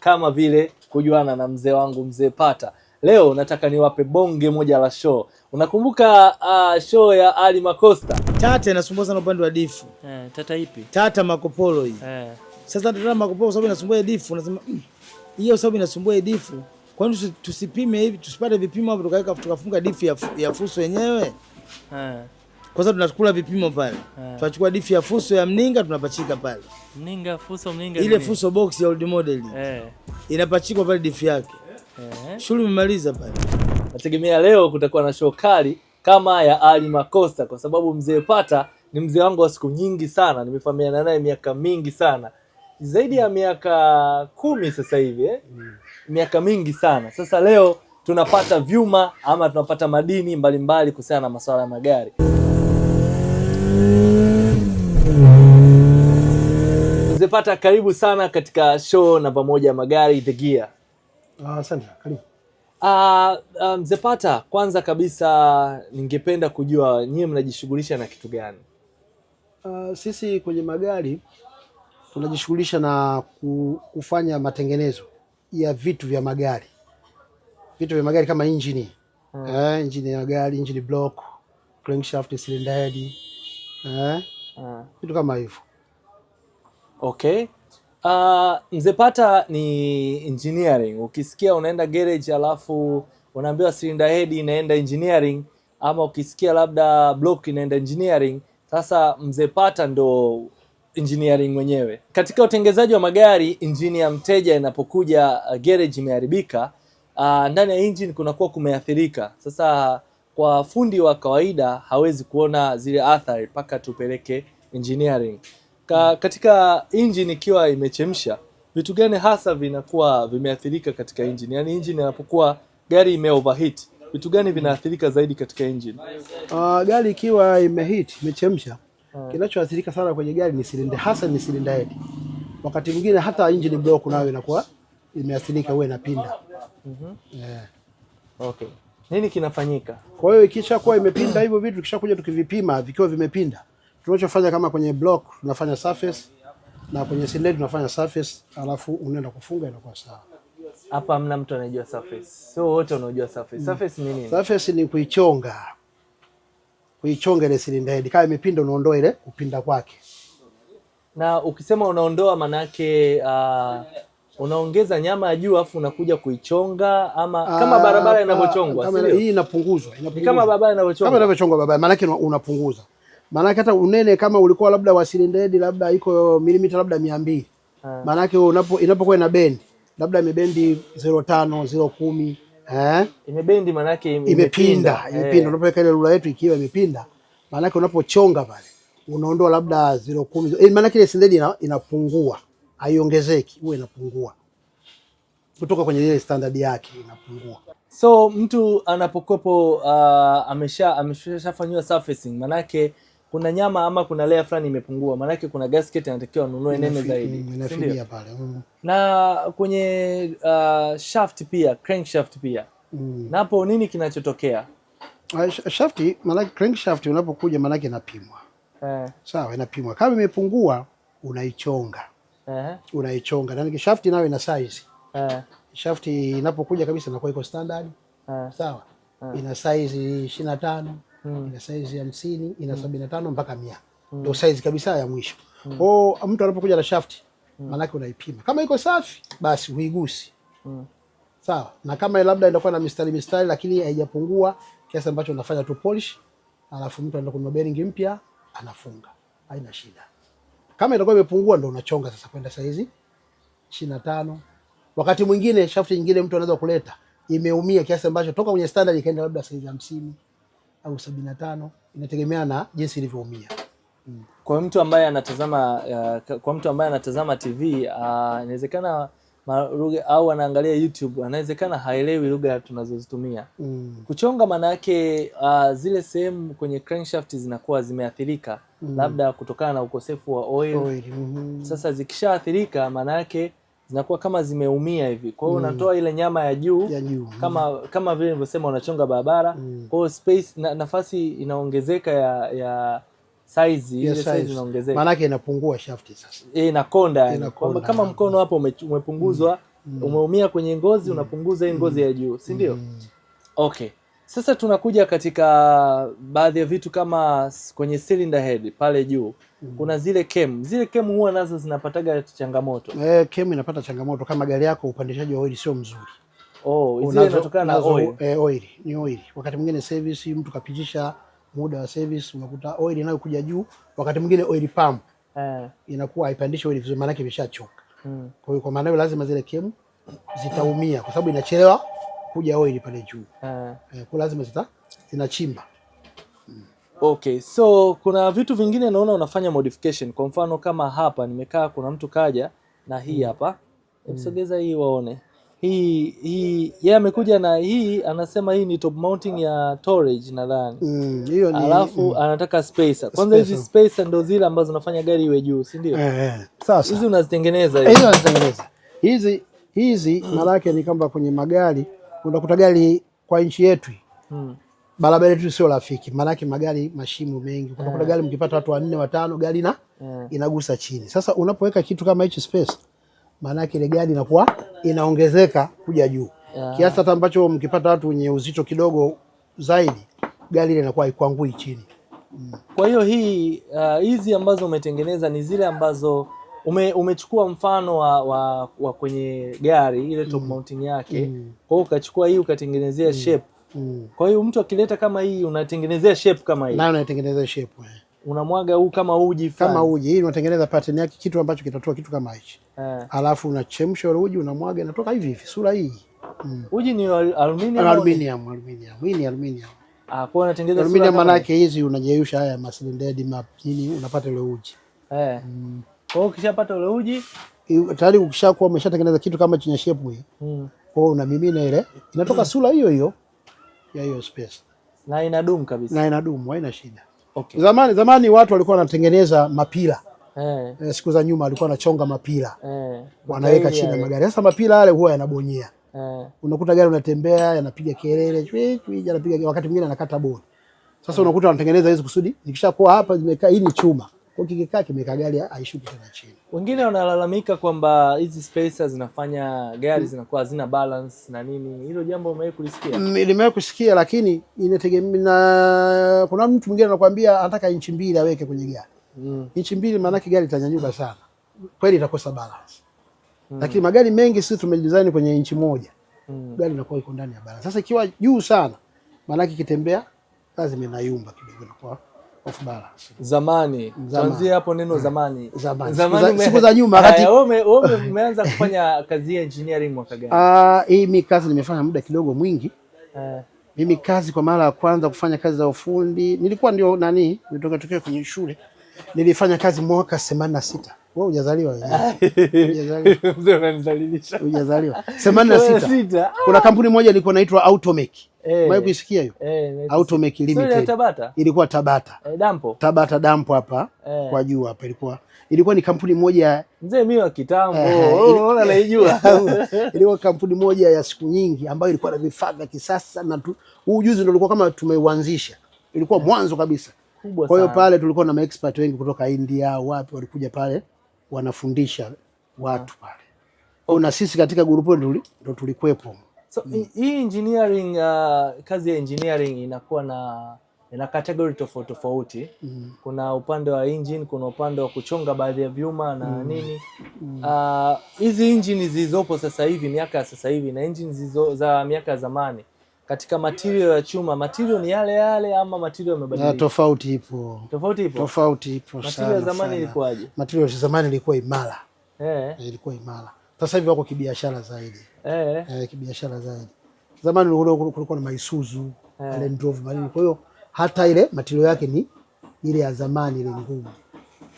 kama vile kujuana na mzee wangu mzee Pata. Leo nataka niwape bonge moja la show. Unakumbuka uh, show ya Ali Makosta? Tata inasumbua sana upande wa difu. Eh, tata ipi? Tata Makopolo hii. Eh. Sasa tata Makopolo sababu inasumbua difu, unasema mm, hiyo mm, sababu inasumbua difu. Kwa nini tusipime hivi, tusipate vipimo hapo tukaweka tukafunga difu ya, ya fuso yenyewe? Eh. Kwanza tunachukula vipimo pale, eh. tunachukua difi ya fuso ya mninga tunapachika pale mninga, fuso, mninga, ile fuso box ya old model eh, inapachikwa pale difi yake eh. Shughuli imemaliza pale. Nategemea leo kutakuwa na show kali kama ya Ali Makosta, kwa sababu mzee Pata ni mzee wangu wa siku nyingi sana, nimefahamiana naye miaka mingi sana zaidi ya miaka kumi sasa hivi eh? mm. miaka mingi sana sasa. Leo tunapata vyuma ama tunapata madini mbalimbali kuhusiana na masuala ya magari. Mlepata, karibu sana katika show namba moja magari The Gear. Ah, asante, karibu. Uh, mzee Pata, uh, um, kwanza kabisa ningependa kujua nyie mnajishughulisha na kitu gani? Uh, sisi kwenye magari tunajishughulisha na kufanya matengenezo ya vitu vya magari, vitu vya magari kama injini hmm. Eh, injini ya gari, injini block, crankshaft, cylinder head eh, hmm. vitu kama hivyo Okay. Uh, mzepata ni engineering. Ukisikia unaenda garage alafu unaambiwa cylinder head inaenda engineering ama ukisikia labda block inaenda engineering. Sasa mzepata ndo engineering mwenyewe. Katika utengenezaji wa magari, injini ya mteja inapokuja uh, garage imeharibika, uh, ndani ya engine kunakuwa kumeathirika. Sasa kwa fundi wa kawaida hawezi kuona zile athari mpaka tupeleke engineering. Ka, katika engine ikiwa imechemsha, vitu gani hasa vinakuwa vimeathirika katika engine? Yaani engine inapokuwa gari ime overheat, vitu gani vinaathirika zaidi katika engine? Uh, ah, gari ikiwa imeheat imechemsha, uh, kinachoathirika sana kwenye gari ni silinda, hasa ni silinda head. Wakati mwingine hata engine block nayo inakuwa imeathirika, wewe inapinda. mm -hmm. yeah. Okay, nini kinafanyika? Kwa hiyo ikishakuwa imepinda hivyo vitu, tukishakuja tukivipima vikiwa vimepinda Tunachofanya kama kwenye block tunafanya surface na kwenye silage tunafanya surface, alafu unaenda kufunga inakuwa sawa. Hapa hamna mtu anajua surface, so wote wanaojua surface. Mm. Surface ni nini? Surface ni kuichonga, kuichonga ile cylinder head kama imepinda, unaondoa ile kupinda kwake. Na ukisema unaondoa, manake uh, unaongeza nyama ya juu afu unakuja kuichonga ama kama ah, barabara ah, inavyochongwa, hii inapunguzwa, inapunguzwa kama barabara inavyochongwa, kama inavyochongwa barabara, maanake unapunguza maanake hata unene kama ulikuwa labda wa silindedi labda iko milimita labda mia mbili eh. maanake unapo inapokuwa ina bendi labda imebendi zero tano zero kumi eh? imebendi maanake imepinda imepinda, eh. unapoweka ile rula yetu ikiwa imepinda, maanake unapochonga pale unaondoa labda zero kumi, eh, maanake ile silindedi inapungua, haiongezeki, huwa inapungua kutoka kwenye ile standard yake inapungua. So mtu anapokopo uh, ah, amesha ameshafanyiwa surfacing manake kuna nyama ama kuna layer fulani imepungua, maanake kuna gasket anatakiwa anunue nene zaidi, si mm. Na kwenye uh, shaft pia crankshaft pia mm. Na hapo nini kinachotokea? Uh, shafti maanake crankshaft unapokuja maanake inapimwa eh. Sawa, inapimwa kama imepungua unaichonga eh. Unaichonga na shafti nayo ina size eh. Shafti inapokuja kabisa inakuwa iko standard eh. Sawa eh. Ina size 25 mm. ina size ya hamsini ina mm. sabini na tano mpaka mia mm. ndio mm. size kabisa ya mwisho mm. kwao ah, mtu anapokuja na shaft mm. maanake unaipima kama iko safi basi huigusi mm. sawa na kama labda inakuwa na mistari mistari lakini haijapungua kiasi ambacho unafanya tu polish alafu mtu anaenda kununua bearing mpya anafunga haina shida kama itakuwa imepungua ndo unachonga sasa kwenda saizi ishirini na tano wakati mwingine shafti nyingine mtu anaweza kuleta imeumia kiasi ambacho toka kwenye standard ikaenda labda saizi hamsini au sabini na tano inategemea na jinsi ilivyoumia. Mm. Kwa mtu ambaye anatazama uh, kwa mtu ambaye anatazama TV uh, inawezekana uh, Maruge, au anaangalia YouTube anawezekana haelewi lugha tunazozitumia. mm. Kuchonga maana yake uh, zile sehemu kwenye crankshaft zinakuwa zimeathirika, mm. labda kutokana na ukosefu wa oil, oil. Mm -hmm. Sasa zikishaathirika maana yake zinakuwa kama zimeumia hivi, kwa hiyo mm. unatoa ile nyama ya juu ya juu kama mm. kama vile nilivyosema, unachonga barabara mm. kwa hiyo space na, nafasi inaongezeka ya, ya saizi ile size inaongezeka, maana yake inapungua shafti sasa, eh inakonda, inakonda kama mkono hapo umepunguzwa mm. mm. umeumia kwenye ngozi mm. unapunguza hii ngozi mm. ya juu, si ndio? mm. okay sasa tunakuja katika baadhi ya vitu kama kwenye cylinder head pale juu mm. kuna zile kem, zile kem huwa nazo zinapataga changamoto eh, kem inapata changamoto kama gari yako upandishaji wa oil sio mzuri. Oh, zile zinatokana na oil. Eh, oil ni oil. Wakati mwingine service, mtu kapitisha muda wa service, unakuta oil inayokuja juu, wakati mwingine oil pump eh, inakuwa haipandishi oil vizuri, maana yake imeshachoka mm. kwa hiyo kwa maana hiyo lazima zile kem zitaumia kwa sababu inachelewa kuja oil pale juu uh, eh, kwa lazima zita zinachimba mm. Okay, so kuna vitu vingine naona unafanya modification. Kwa mfano kama hapa nimekaa, kuna mtu kaja na hii mm. hapa mm. Sogeza hii waone hii hii yeye yeah, amekuja na hii anasema hii ni top mounting ya storage nadhani mm, hiyo ni alafu mm. anataka spacer kwanza. Hizi spacer ndo zile ambazo zinafanya gari iwe juu, si ndio? Eh, eh. sasa hizi unazitengeneza hizi eh, unazitengeneza hizi hizi mm. maana yake ni kwamba kwenye magari unakuta gari kwa nchi yetu hmm. barabara yetu sio rafiki, maanake magari mashimo mengi unakuta hmm. gari mkipata watu wanne watano gari na hmm. inagusa chini. Sasa unapoweka kitu kama hicho space, maanake ile gari inakuwa inaongezeka kuja juu yeah. kiasi hata ambacho mkipata watu wenye uzito kidogo zaidi gari ile inakuwa ikwangui chini. Kwa hiyo hii uh, hizi uh, ambazo umetengeneza ni zile ambazo ume, umechukua mfano wa, wa, wa kwenye gari ile top mm. mounting yake mm. kwa hiyo ukachukua hii ukatengenezea mm. shape mm. kwa hiyo mtu akileta kama hii unatengenezea shape kama hii na unatengenezea shape wewe unamwaga huu kama uji fan. Kama uji hii unatengeneza pattern yake, kitu ambacho kitatoa kitu kama hichi eh. Alafu unachemsha ule uji, unamwaga, inatoka hivi hivi sura hii mm. Uji ni aluminium, aluminium, aluminium. Hii ni aluminium ah, kwa unatengeneza aluminium, maana yake hizi unajeusha haya masilindedi map nini, unapata ile uji eh. mm. Kwa hiyo ukishapata ule uji tayari, ukishakuwa umeshatengeneza kitu kama chenye shape hii mm. Kwa hiyo unamimina ile, inatoka hmm. sura hiyo hiyo ya hiyo space na inadumu kabisa, na inadumu, haina shida. Okay. Zamani zamani watu walikuwa wanatengeneza mapira eh. Eh, siku za nyuma walikuwa wanachonga mapira eh. Wanaweka chini ya magari. Sasa mapira yale huwa yanabonyea eh. Unakuta gari unatembea yanapiga kelele chwi chwi, yanapiga wakati mwingine anakata bodi. Sasa eh. Unakuta wanatengeneza hizo kusudi, nikishakuwa hapa zimekaa, hii ni chuma kwa kikikaa kimeka gari haishuki tena chini. Wengine wanalalamika kwamba hizi spacers zinafanya gari mm. zinakuwa hazina balance na nini. Hilo jambo umewahi kulisikia? Mm, nimewahi kusikia, lakini inategemea kuna mtu mwingine anakuambia anataka inchi mbili aweke kwenye gari. Mm. Inchi mbili maana yake gari itanyanyuka sana. Kweli itakosa balance. Mm. Lakini magari mengi sisi tumedesign kwenye inchi moja. Mm. Gari inakuwa iko ndani ya balance. Sasa ikiwa juu sana maana yake kitembea lazima inayumba kidogo inakuwa of balance. Zamani, tuanzie hapo neno hmm. zamani. Zamani, zamani siku za nyuma kati. Wewe umeanza kufanya kazi ya engineering mwaka gani? Ah, uh, hii kazi nimefanya muda kidogo mwingi. Uh. Eh. Mimi kazi kwa mara ya kwanza kufanya kazi za ufundi nilikuwa ndio nani, nilitoka tokea kwenye shule. Nilifanya kazi mwaka 86. Wewe hujazaliwa wewe. Hujazaliwa. Mzee Hujazaliwa. 86. Kuna kampuni moja ilikuwa inaitwa Automake. Umewahi eh. kuisikia hiyo? Eh, Make Limited. Tabata. Ilikuwa Tabata. E, dampo. Tabata dampo hapa e, kwa juu hapa ilikuwa ilikuwa ni kampuni moja mzee mimi wa kitambo unaona oh, oh, naijua. Ilikuwa kampuni moja ya siku nyingi ambayo ilikuwa na vifaa vya kisasa na huu ujuzi ndio ulikuwa kama tumeuanzisha. Ilikuwa mwanzo kabisa. Kwa hiyo pale tulikuwa na maexpert wengi kutoka India, wapi walikuja pale wanafundisha watu ah. pale. Na sisi katika grupu ndo tulikuwepo. So mm. hii engineering uh, kazi ya engineering inakuwa na ina category tofauti tofauti mm. kuna upande wa engine, kuna upande wa kuchonga baadhi ya vyuma na mm. nini hmm. Ah, hizi mm. uh, engine zilizopo sasa hivi miaka ya sasa hivi na engine zizo, za miaka ya zamani katika material ya chuma, material ni yale yale ama material yamebadilika? Ah, tofauti ipo, tofauti ipo, tofauti ipo. Material ya zamani ilikuwaje? Material ya zamani ilikuwa imara eh, ilikuwa imara sasa hivi wako kibiashara zaidi eh, eh kibiashara zaidi. Zamani kulikuwa na maisuzu eh, Land Rover bali, kwa hiyo hata ile material yake ni ile ya zamani ile ngumu.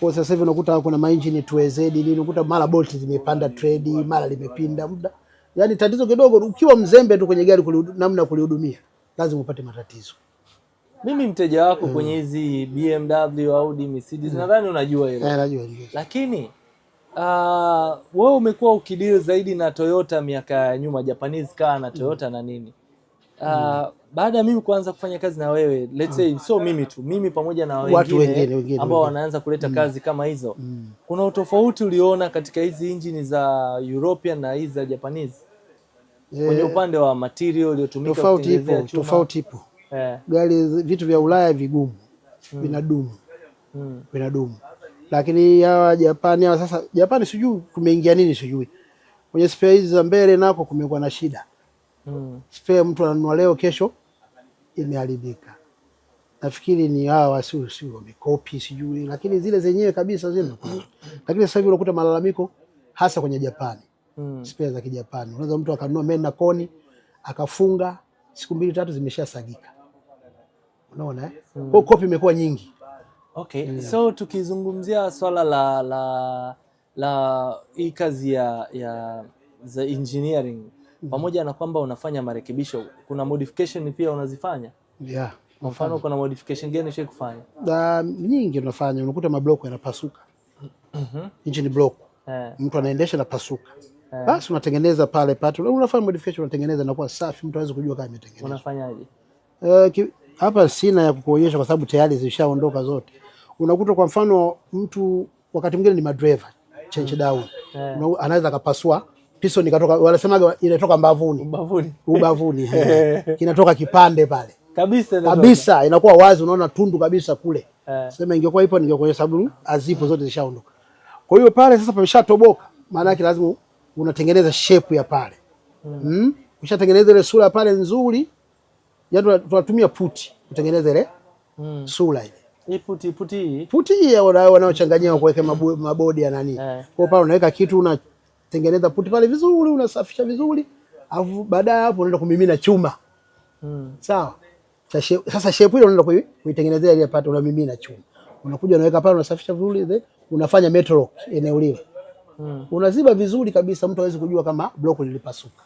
Kwa sasa hivi unakuta kuna maengine tuwezedi nini, unakuta mara bolt zimepanda tredi, mara limepinda muda, yani tatizo kidogo. Ukiwa mzembe tu kwenye gari, namna kulihudumia, lazima upate matatizo. Mimi mteja wako mm. kwenye hizi BMW, Audi, Mercedes mm. nadhani unajua hilo eh, najua, lakini uh, wewe umekuwa ukidili zaidi na Toyota miaka ya nyuma, Japanese car na Toyota mm. na nini uh, mm. baada ya mimi kuanza kufanya kazi na wewe let's say, mm. so mimi tu mimi pamoja na wengine ambao wanaanza kuleta mm. kazi kama hizo mm. kuna utofauti uliona katika hizi injini za European na hizi za Japanese eh, kwenye upande wa material uliotumika? Tofauti ipo, tofauti ipo eh. Gari vitu vya Ulaya vigumu mm. vinadumu mm lakini hawa Japani hawa sasa, Japani sijui kumeingia nini, sijui kwenye spare hizi za mbele nako kumekuwa na shida mm. Spare mtu ananunua leo, kesho imeharibika. Nafikiri ni hawa sio si wamekopi sijui, lakini zile zenyewe kabisa zile. Lakini sasa hivi unakuta malalamiko hasa kwenye Japani mm. spare za Kijapani, unaweza mtu akanunua meni na koni akafunga, siku mbili tatu zimeshasagika, unaona eh? mm. Kwa kopi imekuwa nyingi Okay. Yeah. So tukizungumzia swala la la la hii kazi ya ya za engineering mm -hmm. pamoja na kwamba unafanya marekebisho, kuna modification pia unazifanya? Yeah. Kwa mfano kuna modification gani ushawahi kufanya? Da, nyingi unafanya, unakuta mablock yanapasuka. Mhm. Engine block. Yeah. Mtu anaendesha na pasuka. Yeah. Basi unatengeneza pale pale, unafanya modification, unatengeneza na kuwa safi, mtu hawezi kujua kama imetengenezwa. Unafanyaje? Uh, hapa sina ya kukuonyesha kwa sababu tayari zishaondoka zote. Unakuta kwa mfano mtu wakati mwingine ni madreva change down. Yeah. Anaweza akapasua piston ikatoka, wanasemaga inatoka mbavuni. Mbavuni. Ubavuni. Kinatoka eh. kipande pale. Kabisa, inatoka. kabisa inakuwa wazi, unaona tundu kabisa kule. Yeah. Sema ingekuwa ipo ningekuonyesha sababu azipo zote zishaondoka. Kwa hiyo pale sasa pameshatoboka, maana yake lazima unatengeneza shape ya pale. Hmm. Mm. Ushatengeneza ile sura pale nzuri Yaani tunatumia puti kutengeneza ile mm. sura ile. Hii puti puti hii. Puti hii wanaochanganyia kuweka mabodi ya nani. Eh. Kwa pale unaweka kitu unatengeneza puti pale vizuri, unasafisha vizuri. Alafu baada ya hapo unaenda kumimina chuma. Mm. Sawa. Sasa shape ile unaenda kuitengenezea ile pate unamimina chuma. Unakuja unaweka pale unasafisha vizuri ile unafanya metal lock eneo lile. Mm. Unaziba vizuri kabisa mtu hawezi kujua kama block lilipasuka.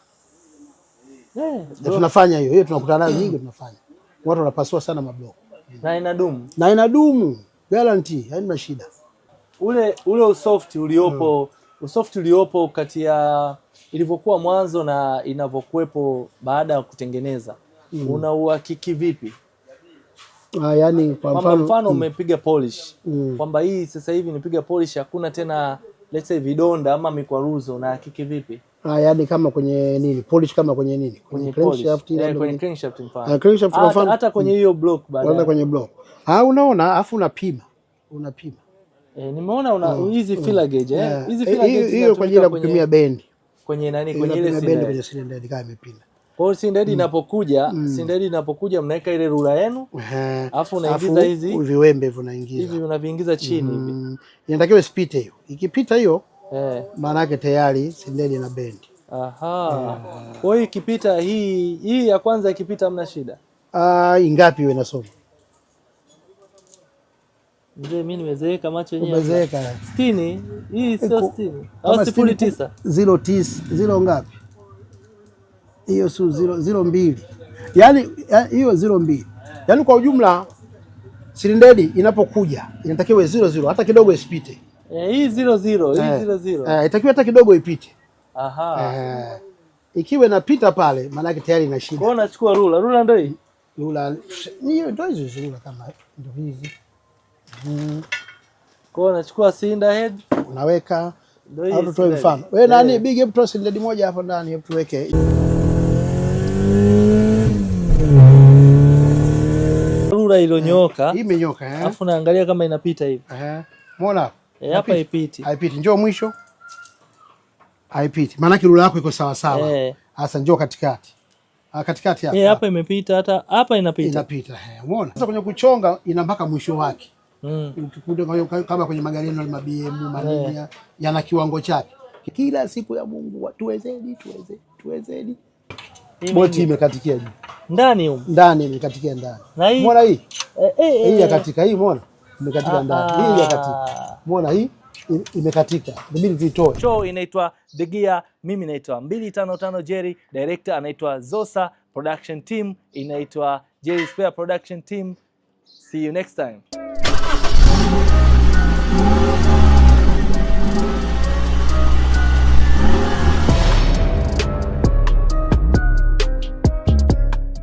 Yeah, tunafanya hiyo hiyo, tunakutana nayo nyingi, tunafanya watu wanapasua sana mabloko na inadumu na inadumu guarantee, haina shida. Ule ule usoft uliopo hmm. usoft uliopo kati ya ilivyokuwa mwanzo na inavyokuwepo baada ya kutengeneza hmm. una unauhakiki vipi? Ah, yani kwa mfano, mfano hmm. umepiga polish mm. kwamba hii sasa hivi nipiga polish, hakuna tena let's say vidonda ama mikwaruzo, unahakiki vipi? Ah, yani kama kwenye nini? Polish kama kwenye nini? Kwenye crankshaft ile eh, kwenye crankshaft mfano. Ah, crankshaft kwa ah, mfano hata kwenye hiyo block baada. Unaenda kwenye block. Ah, unaona afu unapima. Unapima. Eh, nimeona una ah, hizi mm. filler gauge eh. Hizi yeah. filler gauge hiyo kwa ajili ya kupimia bendi. Kwenye nani? Kwenye ile bend kwenye sindedi kama imepinda. Kwa hiyo cylinder mm. inapokuja, mm. cylinder inapokuja mnaweka ile rula yenu. Eh. Alafu unaingiza hizi viwembe unaingiza. Hivi unaviingiza chini hivi. Inatakiwa isipite hiyo. Ikipita hiyo eh. Maanake tayari sindeni na bendi. Aha. Eh. Kwa hiyo ikipita hii hii ya kwanza ikipita mna shida. Ah, ingapi wewe nasoma? Mzee mimi nimezeeka macho yenyewe. Umezeeka. 60, hii eh, sio 60. Au 09. 09, 0 ngapi? Hiyo sio zero, zero mbili. Yaani hiyo ya, zero mbili. Yaani kwa ujumla Silindedi inapokuja inatakiwa 00 hata kidogo isipite. Eh, hii zero zero, hii eh, zero zero Eh, itakiwa hata kidogo ipite. Aha. Eh, ikiwa inapita pale maana yake tayari ina shida. Kwa hiyo nachukua rula, rula ndio hii. Rula hiyo ndio hizo rula kama ndio hizi. Mm. Kwa hiyo nachukua cylinder head unaweka Ndio au tutoe mfano. Wewe nani eh. big, hebu toa cinder moja hapo ndani, hebu tuweke. Rula ilonyoka. Imenyoka eh. Alafu naangalia kama inapita hivi. Eh. Muona? Eh, hapa haipiti. Haipiti. Njoo mwisho. Haipiti. Maana rula yako iko sawa sawa. Eh. Sasa njoo katikati. Ha, ah, katikati hapa. Eh, hapa imepita hata hapa inapita. Inapita. Eh, umeona? Sasa kwenye kuchonga ina mpaka mwisho wake. Mm. Ukikuta kama kwenye magari yenu ma BMW eh. manini yana kiwango chake. Kila siku ya Mungu tuwezeni, tuwezeni, tuwezeni. Boti imekatikia juu. Ndani huko. Ndani imekatikia ndani. Mbona hii? Eh, eh, hii ya katika hii mbona? imekatika ah, ndani hii imekatika, muona hii imekatika, inabidi tuitoe. Show inaitwa The Gear, mimi naitwa 255 Jerry, director anaitwa Zosa, production team inaitwa Jerry Spare production team. See you next time.